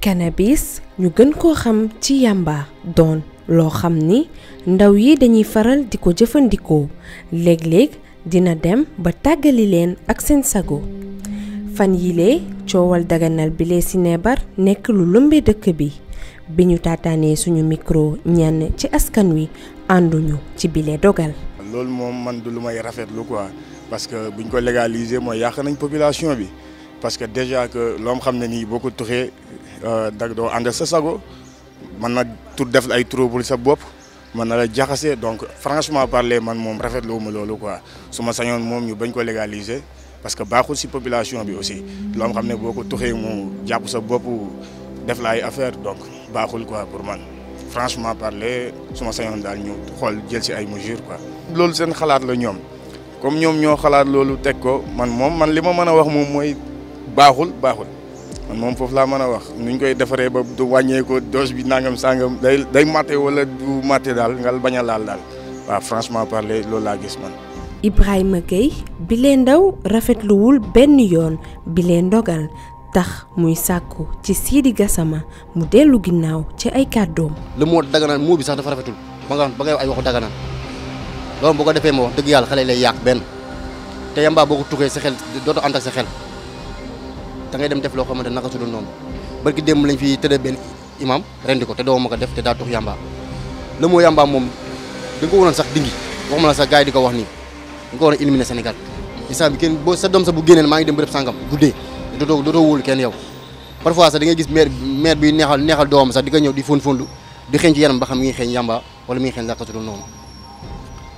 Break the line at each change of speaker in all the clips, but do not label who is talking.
cannabis ñu gën koo xam ci yàmba doon loo xam ni ndaw yi dañuy faral di ko jëfandikoo léeg dina dem ba tàggali leen ak seen sago fan yilee coowal daganal bi lee si nekk lu lëmbee dëkk bi bi ñu taataanee suñu micro ñenn ci askan wi ànduñu ci bile dogal.
loolu moom man du lu may rafetlu quoi parce que buñ ko légaliser mooy yàq nañ population bi parce déjà que loo xam ne nii boo ko tuxee Euh, dag doo ànd sa sago mën na tur def ay trouble sa bop, mën na la jaxase donc franchement parler man moom rafetlu wu ma quoi su ma sañoon moom ñu bañ ko légaliser parce que baaxul si population bi aussi loo xam ne boo ko tuxee mu jàpp sa bop def la ay affaire donc baaxul quoi pour man franchement parler su ma sañoon daal ñu xool jël si ay mesures quoi. loolu seen xalaat la ñoom comme ñoom ñoo xalaat loolu teg ko man moom man li ma mën a wax moom mooy baaxul baaxul. mom moom la laa wax niñ koy defaree ba du ko dose bi nangam sangam day day maté wala du maté dal ngal baña a laal daal waaw franchement parler loolu la gis man.
Ibrahima Gueye bi leen ndaw wul ben yoon bi leen dogal tax muy sakku ci Sidi Gassama mu dellu ginnaw ci ay cadeau
le mot daganaan mo bi sax dafa rafetul ba nga ba ngay ay waxu daganaan loolu bu ko defee mo wax dëgg yàlla lay yak ben te yamba boko tuké sa xel dootu ànd ak sa xel da ngay dem def lo xamantene naka su non barki dem lañ fi tëddee ben imam rendi ko te do mako def te da tok yamba le mo yamba mom da nga ko sax dingi waxuma la sax gars di ko wax ni da nga wona waroon éliminer Sénégal instant bi ken bo sa dom sa bu génneen ma ngi dem sangam sàngam do do do wul ken yow parfois sax da ngay gis maire maire bi neexal neexal dom sax di ko di fon fóonlu di xeeñ ci yaram ba xam ngi xeeñ yamba wala mi ngi xeeñ naka non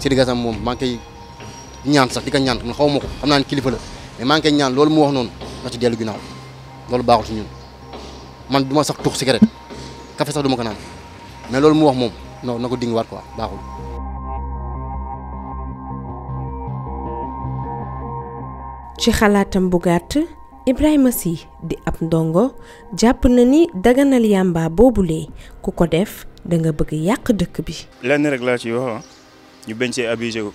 ci diga Sidi mom ma ngi ñaan sax di ko ñaan xawmako xamna kilifa la mais ma ngi ñaan loolu mu wax non na ci dellu ginnaaw loolu baaxul ci ñun man sax tux cigarette café sax du ma ko naan mais loolu mu wax moom na ko dingi waat quoi baaxul
xalaatam bu gàtt Ibrahima Sy di ab ndongo jàpp na ni daganal yàmba boobulee ku ko def da nga bëgg yàq dëkk bi
lenn rek laa ci wax ñu bañ see abusé ko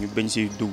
ñu bañ si dugg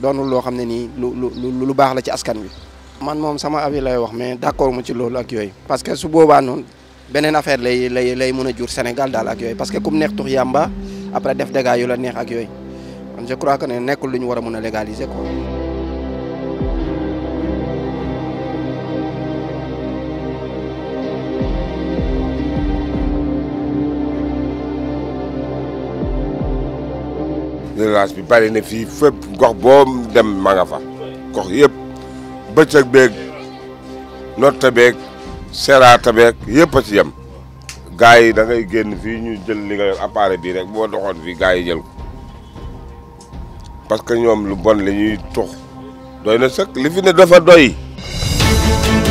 doonul loo xam ne nii lu lu lu lu baax la ci askan wi. man moom sama avis lay wax mais d'accord mu ci loolu ak yooyu parce que su boobaa noonu beneen affaire lay lay lay mën a jur Sénégal daal ak yooyu parce que kum neex tux yàmba après def dégâts yu la neex ak yooyu man je crois que ne nekkul lu ñu war a mën a légaliser ko
relance bi bari na fii fépp gox boobu dem ma nga fa gox yëpp bëccëg beeg notte beeg seraata beeg yëpp a ci yem gars yi da ngay génn fii ñu jël li nga yor appareil bii rek boo doxoon fii gars yi jël parce que ñoom lu bon la ñuy tux doy na sëkk li fi ne doy